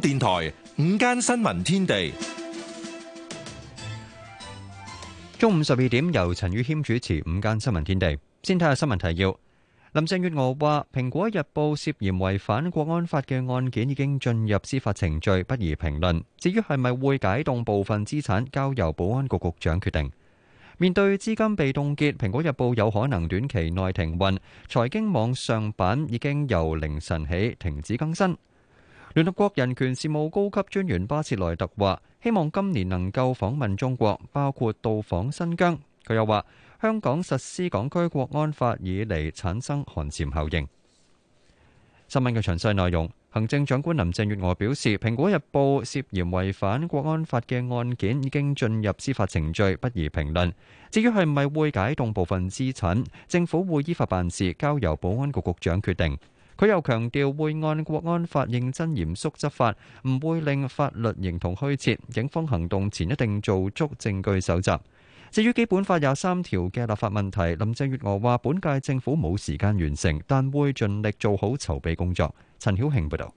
電台午間新聞天地，中午十二點由陳宇謙主持。午間新聞天地，先睇下新聞提要。林鄭月娥話，蘋果日報涉嫌違反國安法嘅案件已經進入司法程序，不宜評論。至於係咪會解凍部分資產，交由保安局局長決定。面對資金被凍結，蘋果日報有可能短期內停運。財經網上版已經由凌晨起停止更新。聯合國人權事務高級專員巴切萊特話：希望今年能夠訪問中國，包括到訪新疆。佢又話：香港實施港區國安法以來產生寒蟬效應。新聞嘅詳細內容，行政長官林鄭月娥表示，《蘋果日報》涉嫌違反國安法嘅案件已經進入司法程序，不宜評論。至於係咪會解凍部分資產，政府會依法辦事，交由保安局局長決定。佢又強調會按國安法認真嚴肅執法，唔會令法律形同虛設。警方行動前一定做足證據蒐集。至於基本法廿三條嘅立法問題，林鄭月娥話：本屆政府冇時間完成，但會盡力做好籌備工作。陳曉慶報導。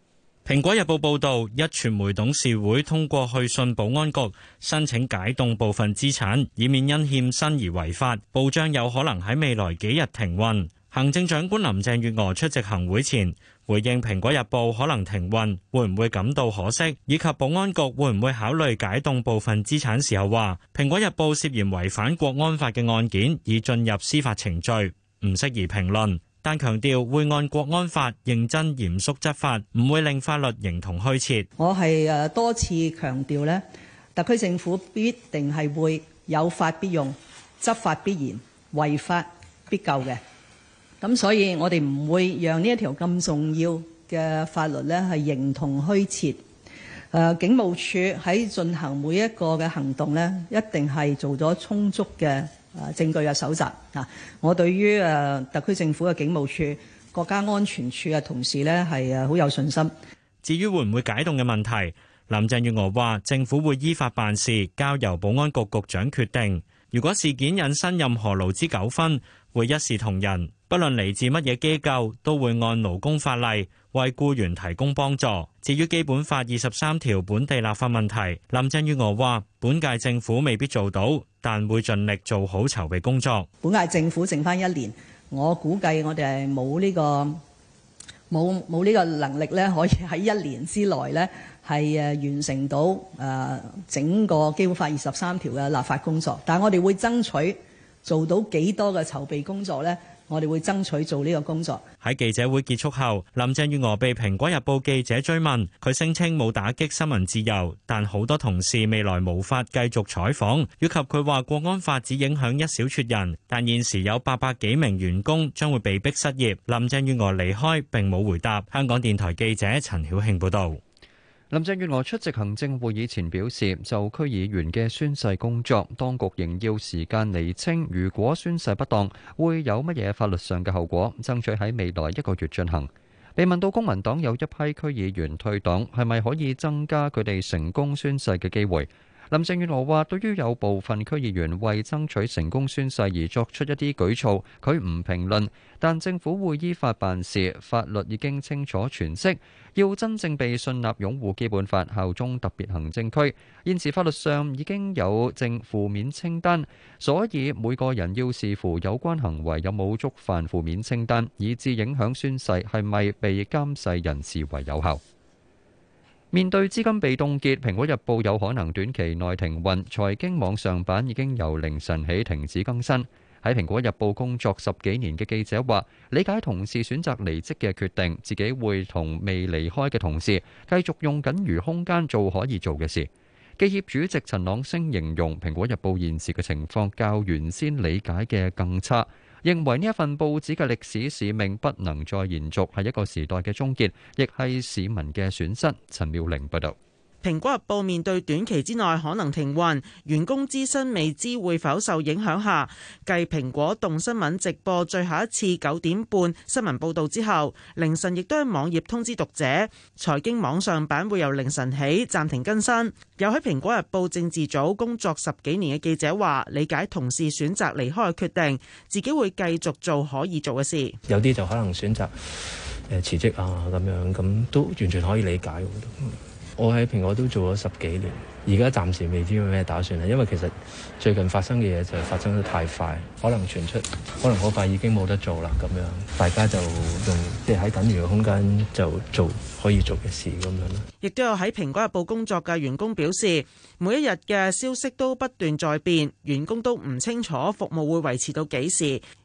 《蘋果日報》報導，壹傳媒董事會通過去信保安局申請解凍部分資產，以免因欠薪而違法，報章有可能喺未來幾日停運。行政長官林鄭月娥出席行會前，回應《蘋果日報》可能停運，會唔會感到可惜，以及保安局會唔會考慮解凍部分資產時候，話《蘋果日報》涉嫌違反國安法嘅案件已進入司法程序，唔適宜評論，但強調會按國安法認真嚴肅執法，唔會令法律形同虛設。我係誒多次強調呢，特區政府必定係會有法必用、執法必嚴、違法必究嘅。咁所以，我哋唔會讓呢一條咁重要嘅法律咧係形同虛設。誒，警務處喺進行每一個嘅行動咧，一定係做咗充足嘅誒證據嘅搜集啊！我對於誒特區政府嘅警務處、國家安全處嘅同事咧係誒好有信心。至於會唔會解凍嘅問題，林鄭月娥話：政府會依法辦事，交由保安局局長決定。如果事件引申任何勞資糾紛，會一視同仁，不論嚟自乜嘢機構，都會按勞工法例為僱員提供幫助。至於基本法二十三條本地立法問題，林鄭月娥話：本屆政府未必做到，但會盡力做好籌備工作。本屆政府剩返一年，我估計我哋係冇呢個冇冇呢個能力咧，可以喺一年之內咧係誒完成到誒整個基本法二十三條嘅立法工作。但係我哋會爭取。做到幾多嘅籌備工作呢？我哋會爭取做呢個工作。喺記者會結束後，林鄭月娥被《蘋果日報》記者追問，佢聲稱冇打擊新聞自由，但好多同事未來無法繼續採訪，以及佢話《國安法》只影響一小撮人，但現時有八百幾名員工將會被逼失業。林鄭月娥離開並冇回答。香港電台記者陳曉慶報導。林鄭月娥出席行政會議前表示，就區議員嘅宣誓工作，當局仍要時間釐清，如果宣誓不當，會有乜嘢法律上嘅後果。爭取喺未來一個月進行。被問到公民黨有一批區議員退黨，係咪可以增加佢哋成功宣誓嘅機會？林鄭月娥話：對於有部分區議員為爭取成功宣誓而作出一啲舉措，佢唔評論，但政府會依法辦事，法律已經清楚詮釋，要真正被信納擁護基本法、效忠特別行政區。現時法律上已經有正負面清單，所以每個人要視乎有關行為有冇觸犯負面清單，以致影響宣誓係咪被監誓人視為有效。面對資金被凍結，蘋果日報有可能短期內停運。財經網上版已經由凌晨起停止更新。喺蘋果日報工作十幾年嘅記者話：理解同事選擇離職嘅決定，自己會同未離開嘅同事繼續用僅餘空間做可以做嘅事。記協主席陳朗升形容蘋果日報現時嘅情況較原先理解嘅更差。認為呢一份報紙嘅歷史使命不能再延續，係一個時代嘅終結，亦係市民嘅損失。陳妙玲報道。蘋果日報面對短期之內可能停運，員工資薪未知會否受影響下，繼蘋果動新聞直播最後一次九點半新聞報道之後，凌晨亦都喺網頁通知讀者，財經網上版會由凌晨起暫停更新。有喺蘋果日報政治組工作十幾年嘅記者話，理解同事選擇離開嘅決定，自己會繼續做可以做嘅事。有啲就可能選擇辭職啊，咁樣，咁都完全可以理解。我喺蘋果都做咗十幾年，而家暫時未知有咩打算啦。因為其實最近發生嘅嘢就發生得太快，可能傳出，可能好快已經冇得做啦。咁樣大家就用即係喺等於嘅空間就做可以做嘅事咁樣咯。亦都有喺蘋果日報工作嘅員工表示，每一日嘅消息都不斷在變，員工都唔清楚服務會維持到幾時。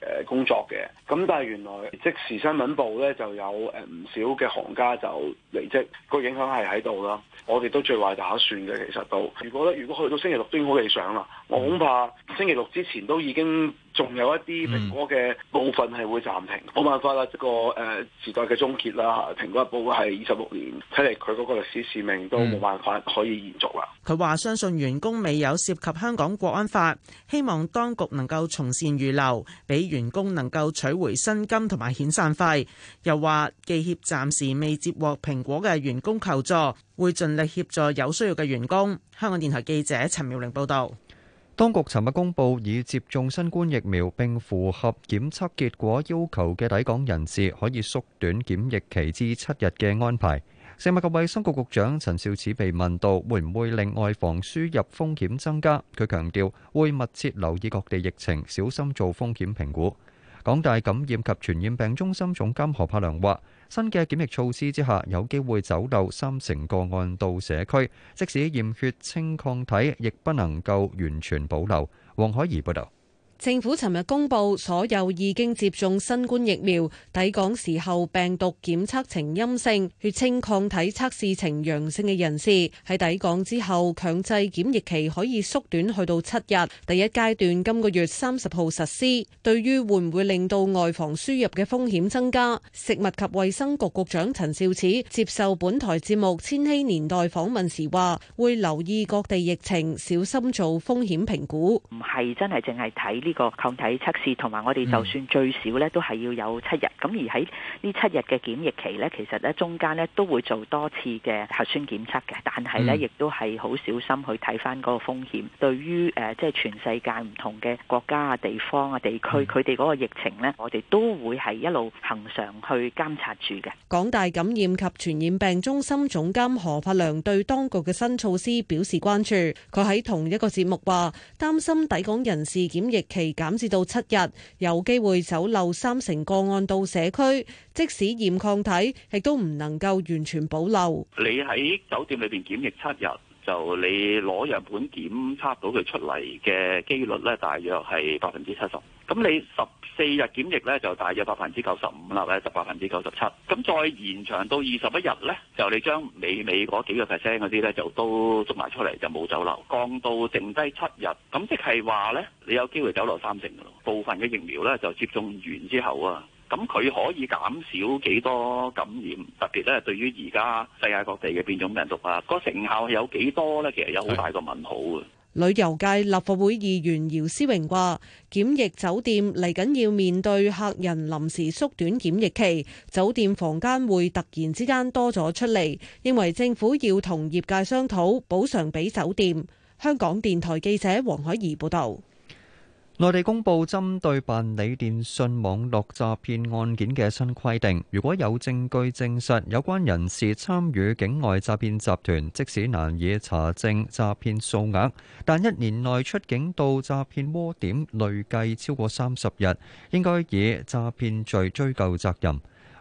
誒工作嘅，咁但係原來即時新聞部咧就有誒唔少嘅行家就離職，個影響係喺度啦。我哋都最壞打算嘅，其實都如果咧，如果去到星期六都好理想啦。我恐怕星期六之前都已經仲有一啲蘋果嘅部分係會暫停，冇、嗯、辦法啦，一、這個時代嘅終結啦嚇。蘋果日報係二十六年，睇嚟佢嗰個歷史使命都冇辦法可以延續啦。佢、嗯、話相信員工未有涉及香港國安法，希望當局能夠從善如流，俾員工能夠取回薪金同埋遣散費，又話記協暫時未接獲蘋果嘅員工求助，會盡力協助有需要嘅員工。香港電台記者陳妙玲報道。當局尋日公佈，已接種新冠疫苗並符合檢測結果要求嘅抵港人士，可以縮短檢疫期至七日嘅安排。食物及衞生局局長陳肇始被問到會唔會令外防輸入風險增加，佢強調會密切留意各地疫情，小心做風險評估。港大感染及傳染病中心總監何柏良話：新嘅檢疫措施之下，有機會走漏三成個案到社區，即使驗血清抗體，亦不能夠完全保留。王海怡報導。政府尋日公布，所有已經接種新冠疫苗、抵港時候病毒檢測呈陰性、血清抗體測試呈陽性嘅人士，喺抵港之後強制檢疫期可以縮短去到七日。第一階段今個月三十號實施。對於會唔會令到外防輸入嘅風險增加，食物及衛生局局長陳肇始接受本台節目《千禧年代》訪問時話會留意各地疫情，小心做風險評估，唔係真係淨係睇。呢個抗體測試同埋我哋就算最少咧，都係要有七日。咁而喺呢七日嘅檢疫期呢，其實呢中間咧都會做多次嘅核酸檢測嘅。但係呢，亦都係好小心去睇翻嗰個風險。對於即係全世界唔同嘅國家啊、地方啊、地區，佢哋嗰個疫情呢，我哋都會係一路恒常去監察住嘅。港大感染及傳染病中心總監何柏良對當局嘅新措施表示關注。佢喺同一個節目話，擔心抵港人士檢疫期減至到七日，有機會走漏三成個案到社區，即使驗抗體，亦都唔能夠完全保留。你喺酒店裏邊檢疫七日。就你攞樣本檢測到佢出嚟嘅機率呢，大約係百分之七十。咁你十四日檢疫呢，就大約百分之九十五啦，或者十百分之九十七。咁再延長到二十一日呢，就你將你尾尾嗰幾個 percent 嗰啲呢，就都捉埋出嚟，就冇走漏，降到剩低七日。咁即係話呢，你有機會走漏三成。部分嘅疫苗呢，就接種完之後啊。咁佢可以減少幾多感染？特別咧，對於而家世界各地嘅變種病毒啊，個成效有幾多咧？其實有好大個問號嘅。旅遊界立法會議員姚思榮話：檢疫酒店嚟緊要面對客人臨時縮短檢疫期，酒店房間會突然之間多咗出嚟。認為政府要同業界商討補償俾酒店。香港電台記者黃海怡報道。內地公布針對辦理電信網絡詐騙案件嘅新規定，如果有證據證實有關人士參與境外詐騙集團，即使難以查證詐騙數額，但一年內出境到詐騙窩點累計超過三十日，應該以詐騙罪追究責任。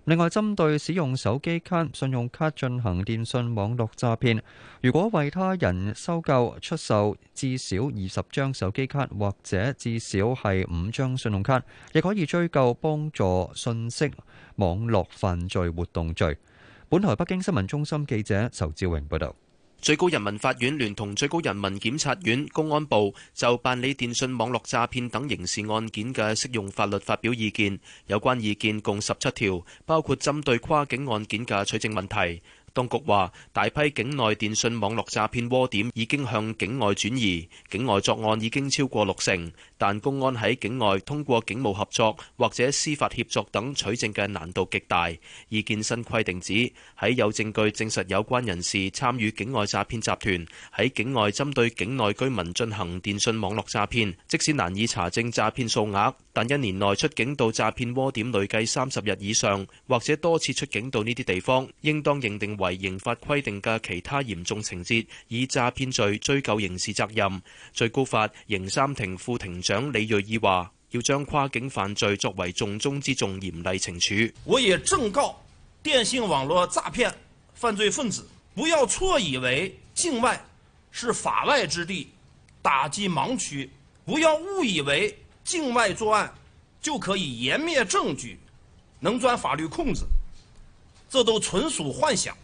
另外，針對使用手機卡、信用卡進行電信網絡詐騙，如果為他人收購、出售至少二十張手機卡，或者至少係五張信用卡，亦可以追究幫助信息網絡犯罪活動罪。本台北京新聞中心記者仇志榮報導。最高人民法院聯同最高人民檢察院、公安部就辦理電信網絡詐騙等刑事案件嘅適用法律發表意見，有關意見共十七條，包括針對跨境案件嘅取證問題。當局話，大批境內電信網絡詐騙窩點已經向境外轉移，境外作案已經超過六成。但公安喺境外通過警務合作或者司法協助等取證嘅難度極大。意見新規定指，喺有證據證實有關人士參與境外詐騙集團，喺境外針對境內居民進行電信網絡詐騙，即使難以查證詐騙數額，但一年內出境到詐騙窩點累計三十日以上，或者多次出境到呢啲地方，應當認定為，為刑法規定嘅其他嚴重情節，以詐騙罪追究刑事責任。最高法刑三庭副庭長李銳義話：要將跨境犯罪作為重中之重，嚴厲懲處。我也正告電信網絡詐騙犯罪分子，不要錯以為境外是法外之地，打擊盲區；不要誤以為境外作案就可以湮滅證據，能鑽法律空子，這都純屬幻想。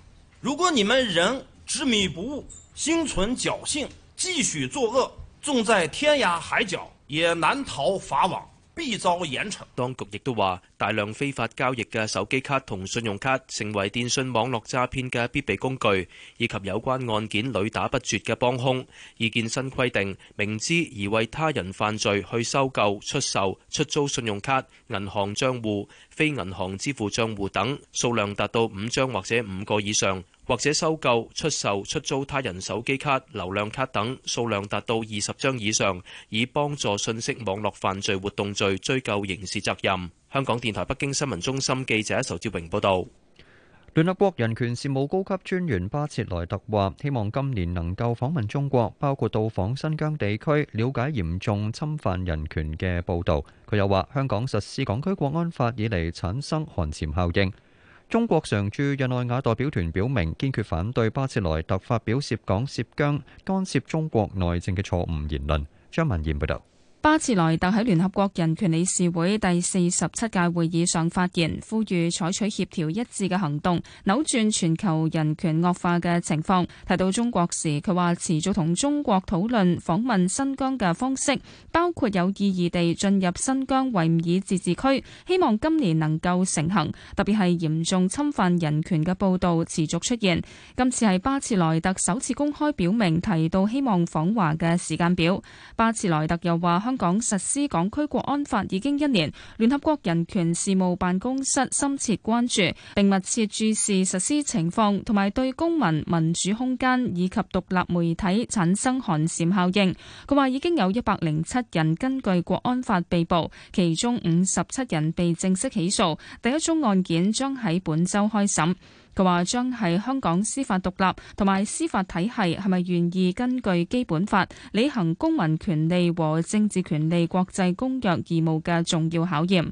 如果你們仍執迷不悟、心存僥倖，繼續作惡，縱在天涯海角，也難逃法網，必遭嚴懲。當局亦都話，大量非法交易嘅手機卡同信用卡，成為電信網絡詐騙嘅必備工具，以及有關案件屢打不絕嘅幫兇。意見新規定，明知而為他人犯罪去收購、出售、出租信用卡、銀行賬戶、非銀行支付賬戶等，數量達到五張或者五個以上。或者收購、出售、出租他人手機卡、流量卡等數量達到二十張以上，以幫助信息網絡犯罪活動罪追究刑事責任。香港電台北京新聞中心記者仇志榮報導。聯合國人權事務高級專員巴切萊特話：希望今年能夠訪問中國，包括到訪新疆地區，了解嚴重侵犯人權嘅報導。佢又話：香港實施港區國安法以嚟，產生寒蟬效應。中國常駐日內瓦代表團表明堅決反對巴切萊特發表涉港涉疆干涉中國內政嘅錯誤言論。張文賢報道。巴茨萊特喺聯合國人權理事會第四十七屆會議上發言，呼籲採取協調一致嘅行動，扭轉全球人權惡化嘅情況。提到中國時，佢話持續同中國討論訪問新疆嘅方式，包括有意義地進入新疆維吾爾自治區，希望今年能夠成行。特別係嚴重侵犯人權嘅報道持續出現，今次係巴茨萊特首次公開表明，提到希望訪華嘅時間表。巴茨萊特又話香港實施港區國安法已經一年，聯合國人權事務辦公室深切關注，並密切注視實施情況，同埋對公民民主空間以及獨立媒體產生寒蟬效應。佢話已經有一百零七人根據國安法被捕，其中五十七人被正式起訴，第一宗案件將喺本週開審。佢話：將係香港司法獨立同埋司法體系，係咪願意根據基本法履行公民權利和政治權利國際公約義務嘅重要考驗。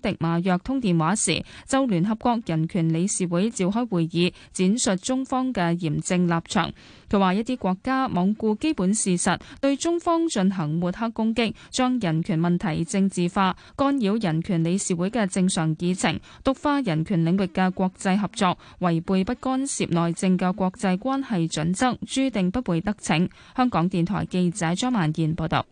迪馬約通電話時，就聯合國人權理事會召開會議，闡述中方嘅嚴正立場。佢話一啲國家罔顧基本事實，對中方進行抹黑攻擊，將人權問題政治化，干擾人權理事會嘅正常議程，毒化人權領域嘅國際合作，違背不干涉內政嘅國際關係準則，注定不會得逞。香港電台記者張曼燕報道。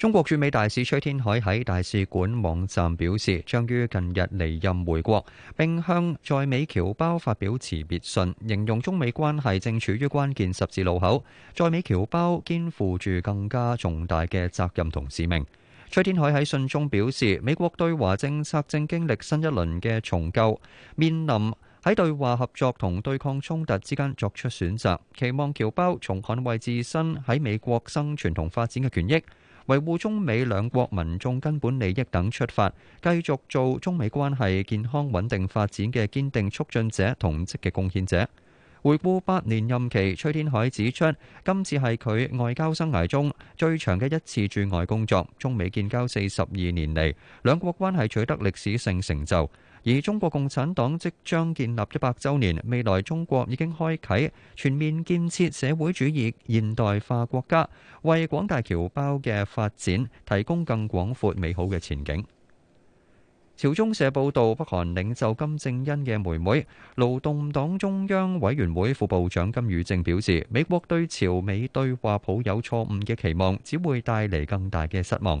中國駐美大使崔天凱喺大使館網站表示，將於近日離任回國，並向在美僑胞發表辭別信，形容中美關係正處於關鍵十字路口，在美僑胞肩負住更加重大嘅責任同使命。崔天凱喺信中表示，美國對華政策正經歷新一輪嘅重構，面臨喺對話合作同對抗衝突之間作出選擇，期望僑胞從捍衛自身喺美國生存同發展嘅權益，維護中美兩國民眾根本利益等出發，繼續做中美關係健康穩定發展嘅堅定促進者同積極貢獻者。回顧八年任期，崔天凱指出，今次係佢外交生涯中最長嘅一次駐外工作。中美建交四十二年嚟，兩國關係取得歷史性成就。而中國共產黨即將建立一百週年，未來中國已經開啓全面建設社會主義現代化國家，為廣大僑胞嘅發展提供更廣闊美好嘅前景。朝中社報導，北韓領袖金正恩嘅妹妹、勞動黨中央委員會副部長金宇正表示，美國對朝美對話抱有錯誤嘅期望，只會帶嚟更大嘅失望。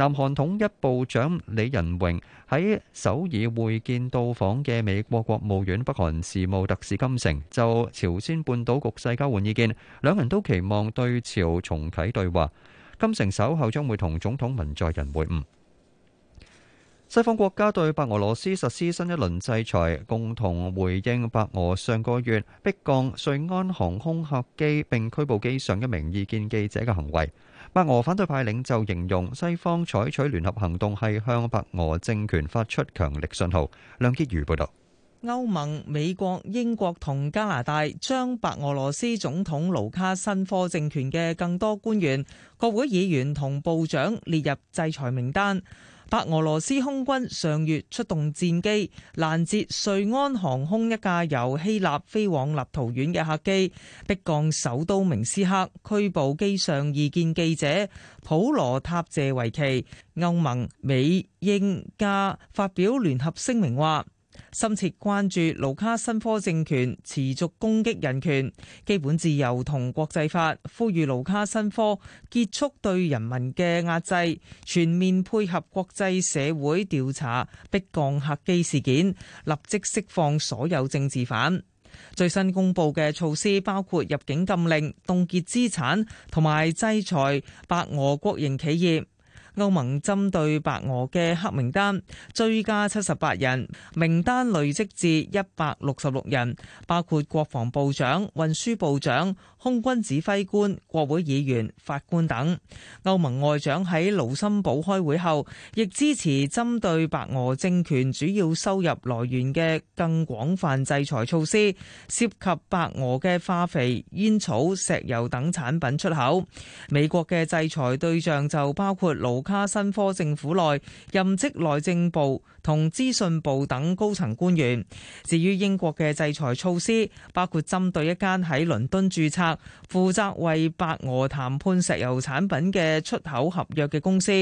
南韓統一部長李仁榮喺首爾會見到訪嘅美國國務院北韓事務特使金城，就朝鮮半島局勢交換意見，兩人都期望對朝重啟對話。金城稍後將會同總統文在寅會晤。西方國家對白俄羅斯實施新一輪制裁，共同回應白俄上個月逼降瑞安航空客機並拘捕機上一名異見記者嘅行為。白俄反對派領袖形容西方採取聯合行動係向白俄政權發出強力信號。梁潔如報導，歐盟、美國、英國同加拿大將白俄羅斯總統盧卡申科政權嘅更多官員、國會議員同部長列入制裁名單。白俄羅斯空軍上月出動戰機攔截瑞安航空一架由希臘飛往立陶宛嘅客機，迫降首都明斯克，拘捕機上異見記者普羅塔謝維奇。歐盟、美、英、加發表聯合聲明話，深切關注盧卡申科政權持續攻擊人權、基本自由同國際法，呼籲盧卡申科結束對人民嘅壓制，全面配合國際社會調查逼降客機事件，立即釋放所有政治犯。最新公布嘅措施包括入境禁令、凍結資產同埋制裁白俄國營企業。歐盟針對白俄嘅黑名單追加七十八人，名單累積至一百六十六人，包括國防部長、運輸部長、空軍指揮官、國會議員、法官等。歐盟外長喺盧森堡開會後，亦支持針對白俄政權主要收入來源嘅更廣泛制裁措施，涉及白俄嘅化肥、煙草、石油等產品出口。美國嘅制裁對象就包括卡新科政府內任職內政部同資訊部等高層官員。至於英國嘅制裁措施，包括針對一間喺倫敦注冊、負責為白俄談判石油產品嘅出口合約嘅公司。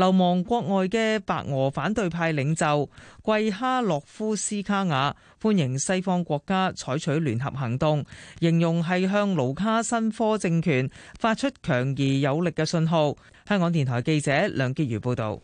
流亡國外嘅白俄反對派領袖季哈洛夫斯卡雅歡迎西方國家採取聯合行動，形容係向盧卡申科政權發出強而有力嘅信號。香港電台記者梁潔如報導。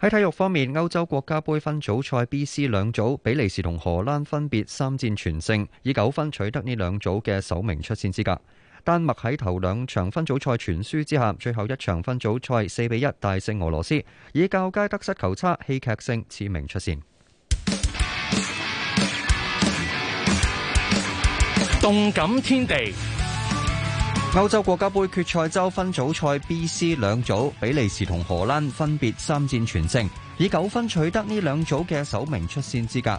喺體育方面，歐洲國家杯分組賽 B、C 兩組，比利時同荷蘭分別三戰全勝，以九分取得呢兩組嘅首名出線資格。丹麥喺頭兩場分組賽全輸之下，最後一場分組賽四比一大勝俄羅斯，以較佳得失球差戲劇性次名出線。動感天地，歐洲國家杯決賽周分組賽 B、C 兩組，比利時同荷蘭分別三戰全勝，以九分取得呢兩組嘅首名出線資格。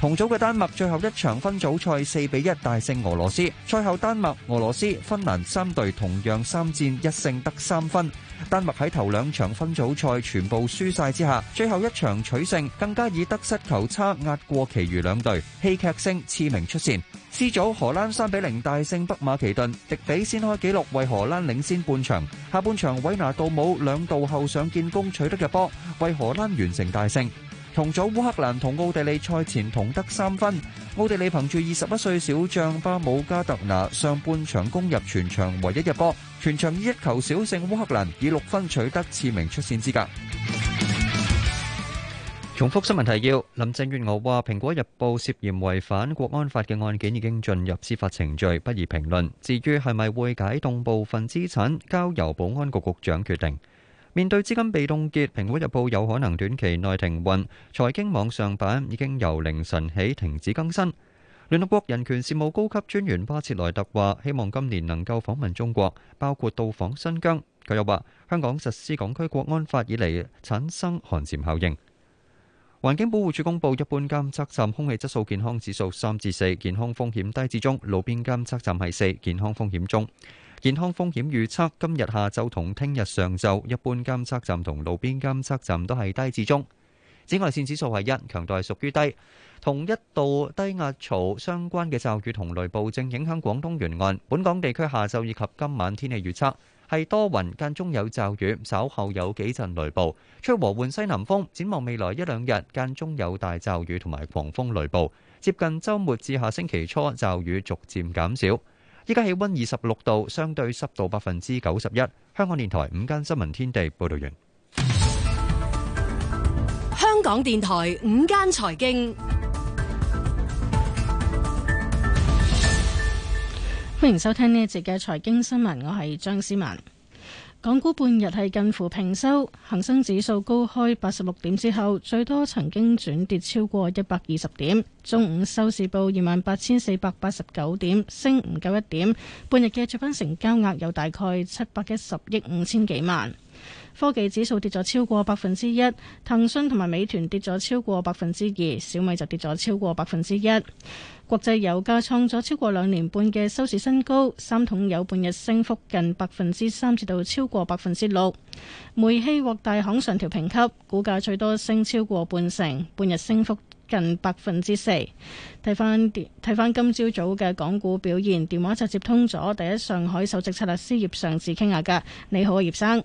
同組嘅丹麥最後一場分組賽四比一大勝俄羅斯，賽後丹麥、俄羅斯、芬蘭三隊同樣三戰一勝得三分。丹麥喺頭兩場分組賽全部輸晒之下，最後一場取勝，更加以得失球差壓過其餘兩隊，戲劇性次名出線。C 組荷蘭三比零大勝北馬其頓，迪比先開紀錄為荷蘭領先半場，下半場韋拿杜姆兩度後上建功取得嘅波，為荷蘭完成大勝。同組烏克蘭同奧地利賽前同得三分，奧地利憑住二十一歲小將巴姆加特拿上半場攻入全場唯一入波，全場以一球小勝烏克蘭，以六分取得次名出線資格。重複新聞提要：林鄭月娥話，《蘋果日報》涉嫌違反國安法嘅案件已經進入司法程序，不宜評論。至於係咪會解凍部分資產，交由保安局局長決定。面對資金被凍結，蘋果日報有可能短期內停運。財經網上版已經由凌晨起停止更新。聯合國人權事務高級專員巴切萊特話，希望今年能夠訪問中國，包括到訪新疆。佢又話，香港實施港區國安法以嚟產生寒蟬效應。環境保護署公布，一般監測站空氣質素健康指數三至四，健康風險低至中；路邊監測站係四，健康風險中。健康風險預測：今日下晝同聽日上晝，一般監測站同路邊監測站都係低至中。紫外線指數為一，強度係屬於低。同一道低壓槽相關嘅驟雨同雷暴正影響廣東沿岸，本港地區下晝以及今晚天氣預測係多雲，間中有驟雨，稍後有幾陣雷暴。吹和緩西南風，展望未來一兩日間中有大驟雨同埋狂風雷暴，接近周末至下星期初驟雨逐漸減少。依家氣溫二十六度，相對濕度百分之九十一。香港電台午間新聞天地報道完。香港電台午間財經，歡迎收聽呢一節嘅財經新聞，我係張思文。港股半日係近乎平收，恒生指數高開八十六點之後，最多曾經轉跌超過一百二十點。中午收市報二萬八千四百八十九點，升唔夠一點。半日嘅總成交額有大概七百一十億五千幾萬。科技指數跌咗超過百分之一，騰訊同埋美團跌咗超過百分之二，小米就跌咗超過百分之一。國際油價創咗超過兩年半嘅收市新高，三桶油半日升幅近百分之三，至到超過百分之六。煤氣獲大行上調評級，股價最多升超過半成，半日升幅近百分之四。睇翻睇翻今朝早嘅港股表現，電話就接通咗第一上海首席策略師葉尚志傾下噶。你好啊，葉生。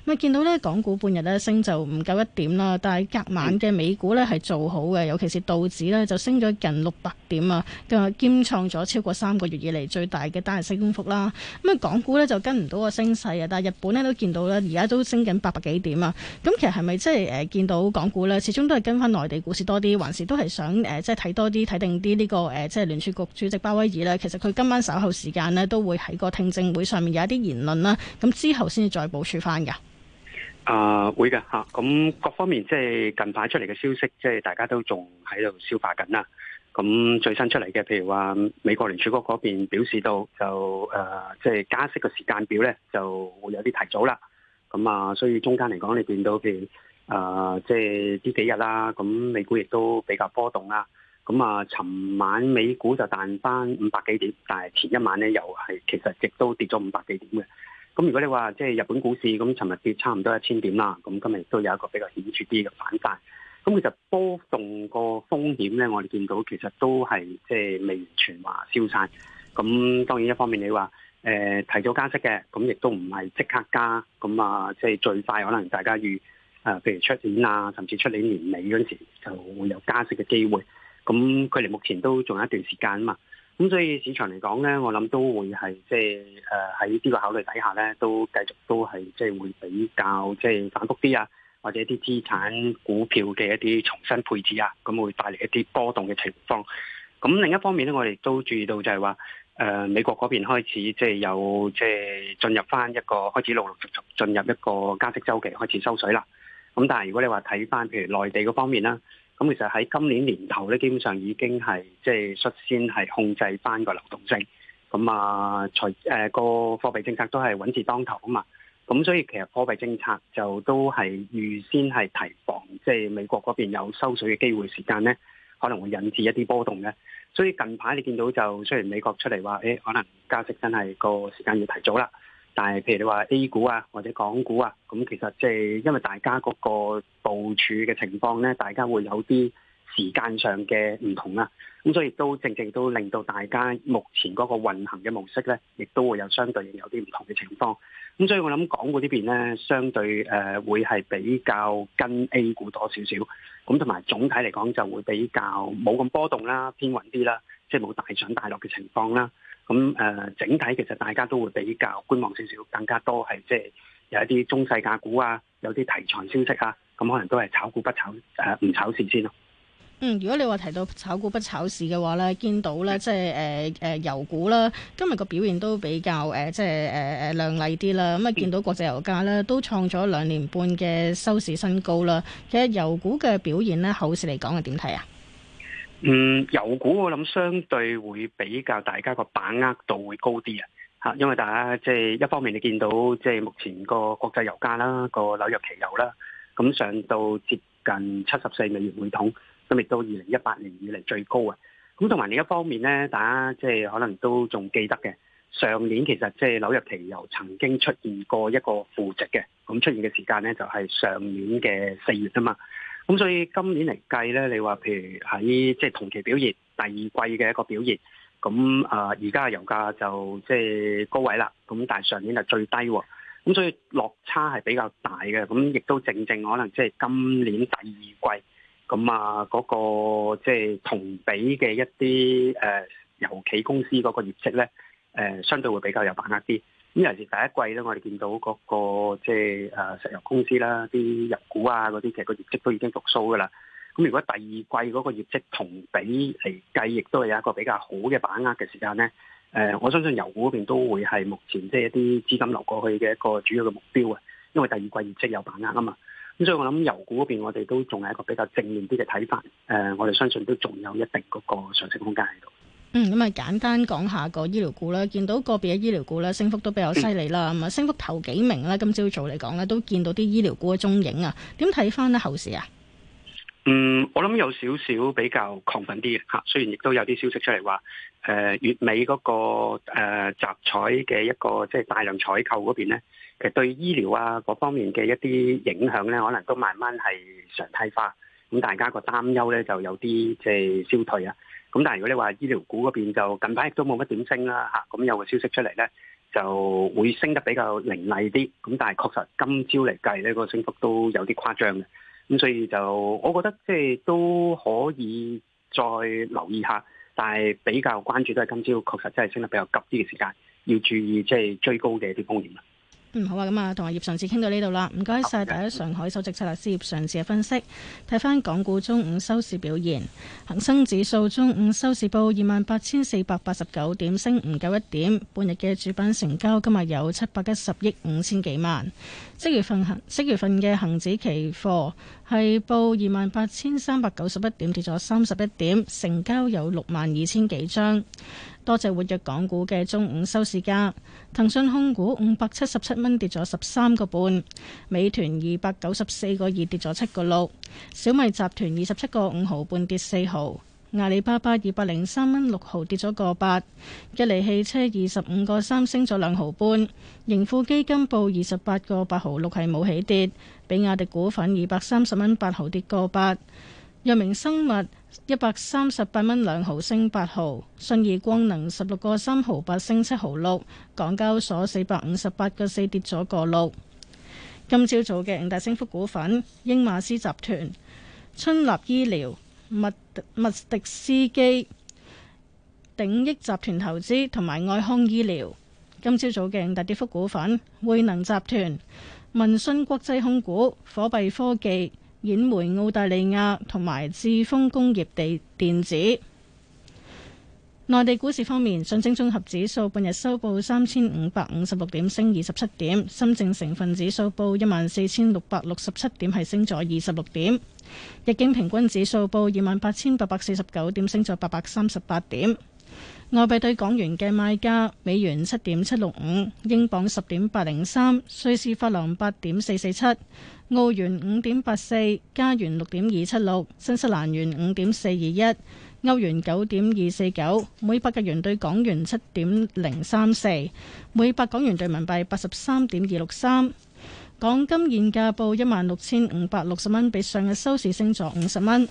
咁見見到呢港股半日呢升就唔夠一點啦，但係隔晚嘅美股呢係做好嘅，尤其是道指呢，就升咗近六百點啊，兼創咗超過三個月以嚟最大嘅單日升幅啦。咁啊，港股呢就跟唔到個升勢啊，但係日本呢都見到呢，而家都升緊八百幾點啊。咁其實係咪即係誒見到港股呢，始終都係跟翻內地股市多啲，還是都係想誒即係睇多啲、睇定啲呢個誒即係聯儲局主席鮑威爾呢？其實佢今晚稍後時間呢，都會喺個聽證會上面有一啲言論啦，咁之後先至再部署翻㗎。啊，會嘅吓，咁、啊、各方面即係近排出嚟嘅消息，即係大家都仲喺度消化緊啦。咁最新出嚟嘅，譬如話美國聯儲局嗰邊表示到就誒、呃，即係加息嘅時間表咧，就會有啲提早啦。咁啊，所以中間嚟講，你見到譬如誒、呃，即係呢幾日啦。咁美股亦都比較波動啦。咁啊，尋晚美股就彈翻五百幾點，但係前一晚咧又係其實亦都跌咗五百幾點嘅。咁如果你話即係日本股市，咁尋日跌差唔多一千點啦，咁今日亦都有一個比較顯著啲嘅反彈。咁其實波動個風險咧，我哋見到其實都係即係未全話消散。咁當然一方面你話誒提早加息嘅，咁亦都唔係即刻加。咁啊，即係最快可能大家預啊，譬如出年啊，甚至出年年尾嗰陣時就會有加息嘅機會。咁距離目前都仲有一段時間啊嘛。咁所以市場嚟講咧，我諗都會係即係誒喺呢個考慮底下咧，都繼續都係即係會比較即係反覆啲啊，或者啲資產股票嘅一啲重新配置啊，咁會帶嚟一啲波動嘅情況。咁另一方面咧，我哋都注意到就係話誒美國嗰邊開始即係有即係進入翻一個開始陸陸續續進入一個加息週期，開始收水啦。咁但係如果你話睇翻譬如內地嗰方面啦。咁其實喺今年年頭咧，基本上已經係即係率先係控制返個流動性。咁啊，財誒個貨幣政策都係穩字當頭啊嘛。咁所以其實貨幣政策就都係預先係提防，即係美國嗰邊有收水嘅機會時間咧，可能會引致一啲波動嘅。所以近排你見到就雖然美國出嚟話誒，可能加息真係個時間要提早啦。但係，譬如你話 A 股啊，或者港股啊，咁其實即係因為大家嗰個部署嘅情況咧，大家會有啲時間上嘅唔同啦，咁所以都正正都令到大家目前嗰個運行嘅模式咧，亦都會有相對應有啲唔同嘅情況。咁所以我諗港股呢邊咧，相對誒會係比較跟 A 股多少少，咁同埋總體嚟講就會比較冇咁波動啦，偏穩啲啦，即係冇大上大落嘅情況啦。咁誒，整體其實大家都會比較觀望少少，更加多係即係有一啲中細價股啊，有啲題材消息啊，咁可能都係炒股不炒誒，唔炒市先咯。嗯，如果你話提到炒股不炒市嘅話咧，見到咧即係誒誒油股啦，今日個表現都比較誒即係誒誒亮麗啲啦。咁啊，見到國際油價咧都創咗兩年半嘅收市新高啦。其實油股嘅表現咧，好事嚟講係點睇啊？嗯，油股我諗相對會比較大，大家個把握度會高啲啊！吓，因為大家即係一方面你見到即係目前個國際油價啦，個紐約期油啦，咁上到接近七十四美元每桶，咁亦都二零一八年以嚟最高啊！咁同埋另一方面咧，大家即係可能都仲記得嘅，上年其實即係紐約期油曾經出現過一個負值嘅，咁出現嘅時間咧就係上年嘅四月啊嘛。咁所以今年嚟計咧，你話譬如喺即係同期表現第二季嘅一個表現，咁啊而家嘅油價就即係高位啦，咁但係上年係最低喎，咁所以落差係比較大嘅，咁亦都正正可能即係今年第二季咁啊嗰個即係同比嘅一啲誒油企公司嗰個業績咧，誒相對會比較有把握啲。咁尤其第一季咧，我哋見到嗰個即係誒石油公司啦，啲入股啊嗰啲，其實個業績都已經復甦噶啦。咁如果第二季嗰個業績同比嚟計，亦都係有一個比較好嘅把握嘅時間咧。誒，我相信油股嗰邊都會係目前即係一啲資金流過去嘅一個主要嘅目標啊。因為第二季業績有把握啊嘛。咁所以我諗油股嗰邊，我哋都仲係一個比較正面啲嘅睇法。誒，我哋相信都仲有一定嗰個上升空間喺度。嗯，咁啊，簡單講下個醫療股啦。見到個別嘅醫療股咧升幅都比較犀利啦。咁、嗯、啊，升幅頭幾名啦。今朝早嚟講咧，都見到啲醫療股嘅蹤影啊。點睇翻呢？後市啊？嗯，我諗有少少比較亢奮啲嘅吓，雖然亦都有啲消息出嚟話，誒、呃，月尾嗰、那個誒、呃、集採嘅一個即係、就是、大量採購嗰邊咧，其實對醫療啊嗰方面嘅一啲影響咧，可能都慢慢係常態化。咁大家個擔憂咧就有啲即係消退啊。咁但係如果你話醫療股嗰邊就近排亦都冇乜點升啦吓，咁有個消息出嚟咧，就會升得比較凌厲啲。咁但係確實今朝嚟計咧個升幅都有啲誇張嘅，咁所以就我覺得即係都可以再留意一下，但係比較關注都係今朝確實真係升得比較急啲嘅時間，要注意即係追高嘅一啲風險。嗯，好啊，咁啊，同阿葉尚志傾到呢度啦，唔該晒第一上海首席策略師葉尚志嘅分析，睇翻港股中午收市表現，恒生指數中午收市報二萬八千四百八十九點，升唔夠一點。半日嘅主板成交今日有七百一十億五千幾萬。即月份行，即月份嘅恒指期貨係報二萬八千三百九十一點，跌咗三十一點，成交有六萬二千幾張。多隻活躍港股嘅中午收市價，騰訊控股五百七十七蚊，跌咗十三個半；美團二百九十四個二，跌咗七個六；小米集團二十七個五毫半，跌四毫。阿里巴巴二百零三蚊六毫跌咗個八，吉利汽車二十五個三升咗兩毫半，盈富基金報二十八個八毫六係冇起跌，比亞迪股份二百三十蚊八毫跌個八，藥明生物一百三十八蚊兩毫升八毫，信義光能十六個三毫八升七毫六，港交所四百五十八個四跌咗個六。今朝早嘅五大升幅股份：英馬斯集團、春立醫療。麥麥迪斯基、鼎益集團投資同埋愛康醫療，今朝早嘅五大跌幅股份：匯能集團、文信國際控股、火幣科技、演媒澳大利亞同埋智豐工業地電子。內地股市方面，上證綜合指數半日收報三千五百五十六點，升二十七點；深證成分指數報一萬四千六百六十七點，係升咗二十六點；日經平均指數報二萬八千八百四十九點，升咗八百三十八點。外幣對港元嘅賣價，美元七點七六五，英鎊十點八零三，瑞士法郎八點四四七，澳元五點八四，加元六點二七六，新西蘭元五點四二一。歐元九點二四九，每百日元對港元七點零三四，每百港元對人民幣八十三點二六三。港金現價報一萬六千五百六十蚊，比上日收市升咗五十蚊。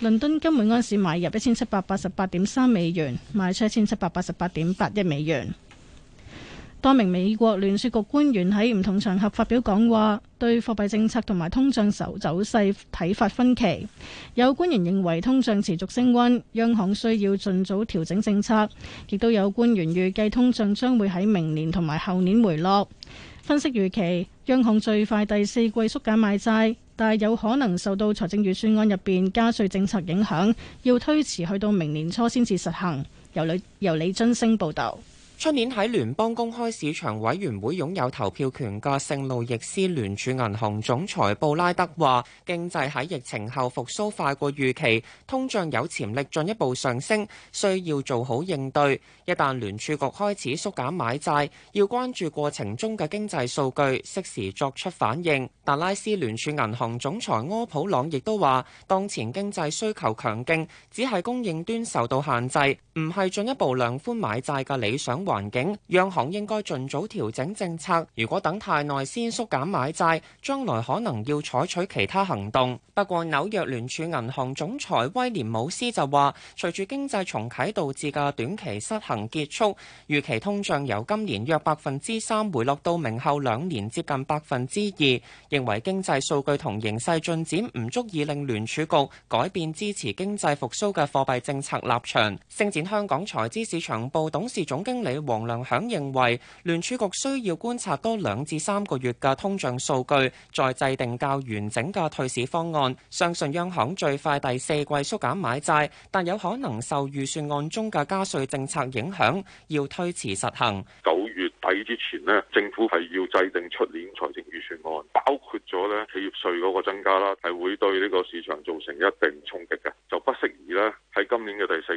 倫敦金每安士買入一千七百八十八點三美元，賣出一千七百八十八點八一美元。多名美國聯儲局官員喺唔同場合發表講話，對貨幣政策同埋通脹走走勢睇法分歧。有官員認為通脹持續升溫，央行需要盡早調整政策，亦都有官員預計通脹將會喺明年同埋後年回落。分析預期，央行最快第四季縮減買債，但係有可能受到財政預算案入面加稅政策影響，要推遲去到明年初先至實行。由李由李津星報導。出年喺聯邦公開市場委員會擁有投票權嘅聖路易斯聯儲銀行總裁布拉德話：經濟喺疫情後復甦快過預期，通脹有潛力進一步上升，需要做好應對。一旦聯儲局開始縮減買債，要關注過程中嘅經濟數據，適時作出反應。達拉斯聯儲銀行總裁柯普朗亦都話：當前經濟需求強勁，只係供應端受到限制，唔係進一步量寬買債嘅理想環境，央行應該盡早調整政策。如果等太耐先縮減買債，將來可能要採取其他行動。不過紐約聯儲銀行總裁威廉姆斯就話，隨住經濟重啟導致嘅短期失衡結束，預期通脹由今年約百分之三回落到明後兩年接近百分之二。認為經濟數據同形勢進展唔足以令聯儲局改變支持經濟復甦嘅貨幣政策立場。星展香港財資市場部董事總經理。黃良享認為，聯儲局需要觀察多兩至三個月嘅通脹數據，再制定較完整嘅退市方案。相信央行最快第四季縮減買債，但有可能受預算案中嘅加稅政策影響，要推遲實行。九月底之前呢，政府係要制定出年財政預算案，包括咗企業稅嗰個增加啦，係會對呢個市場造成一定衝擊嘅。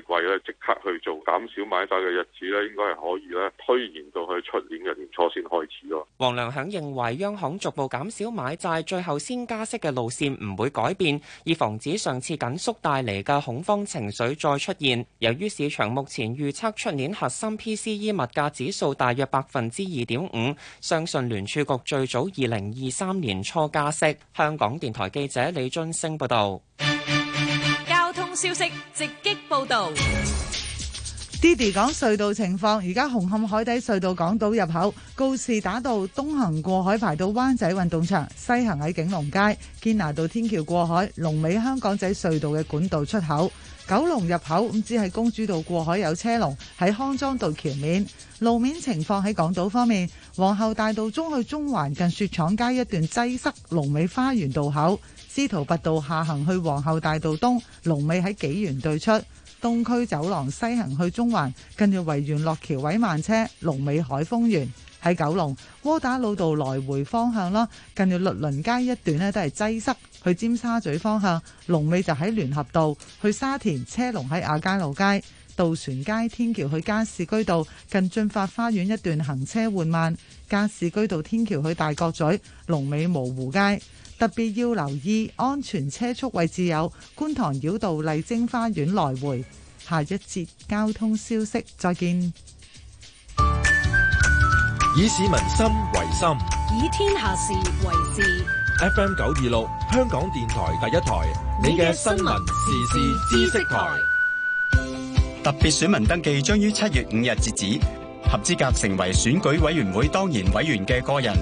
為即刻去做減少買債嘅日子咧，應該係可以咧推延到去出年嘅年初先開始咯。黃良響認為，央行逐步減少買債，最後先加息嘅路線唔會改變，以防止上次緊縮帶嚟嘅恐慌情緒再出現。由於市場目前預測出年核心 PCE 物價指數大約百分之二點五，相信聯儲局最早二零二三年初加息。香港電台記者李津升報道。交通消息直擊。d i d y 講隧道情況，而家紅磡海底隧道港島入口告士打道東行過海排到灣仔運動場，西行喺景隆街堅拿道天橋過海，龍尾香港仔隧道嘅管道出口。九龍入口咁只喺公主道過海有車龍喺康莊道橋面。路面情況喺港島方面，皇后大道中去中環近雪廠街一段擠塞，龍尾花園道口，司徒拔道下行去皇后大道東，龍尾喺紀元對出。東區走廊西行去中環，近住維園落橋位慢車；龍尾海豐園喺九龍窩打老道來回方向咯，近住律倫街一段呢都係擠塞；去尖沙咀方向龍尾就喺聯合道；去沙田車龍喺亞皆老街、渡船街天橋去加士居道，近駿發花園一段行車緩慢；加士居道天橋去大角咀龍尾蕪湖街。特別要留意安全車速位置有觀塘繞道麗晶花園來回。下一節交通消息，再見。以市民心為心，以天下事為事。F M 九二六，香港電台第一台，你嘅新聞時事知識台。特別選民登記將於七月五日截止，合資格成為選舉委員會當然委員嘅個人。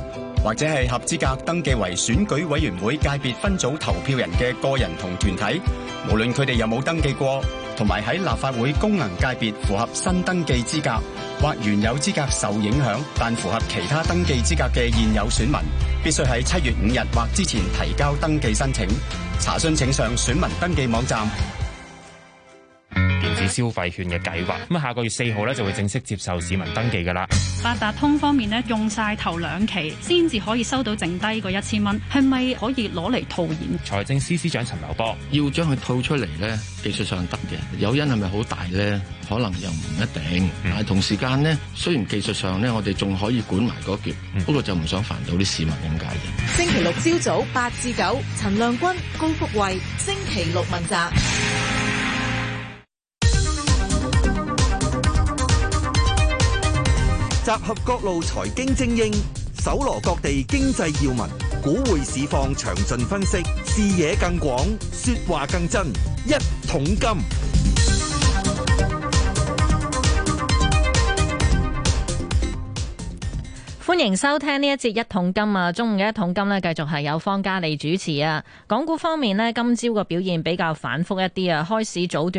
或者係合資格登記為選舉委員會界別分組投票人嘅個人同團體，無論佢哋有冇登記過，同埋喺立法會功能界別符合新登記資格，或原有資格受影響，但符合其他登記資格嘅現有選民，必須喺七月五日或之前提交登記申請。查詢請上選民登記網站。消費券嘅計劃，咁啊下個月四號咧就會正式接受市民登記噶啦。八達通方面咧用晒頭兩期，先至可以收到剩低個一千蚊，係咪可以攞嚟套現？財政司司長陳茂波要將佢套出嚟咧，技術上得嘅，誘因係咪好大咧？可能又唔一定。嗯、但係同時間咧，雖然技術上咧我哋仲可以管埋嗰橛，嗯那個、不過就唔想煩到啲市民咁解嘅。星期六朝早八至九，陳亮君、高福慧，星期六問責。集合各路財經精英，搜羅各地經濟要聞，股匯市況詳盡分析，視野更廣，說話更真。一桶金，歡迎收聽呢一節一桶金啊！中午嘅一桶金咧，繼續係有方嘉莉主持啊。港股方面咧，今朝嘅表現比較反復一啲啊，開始早段。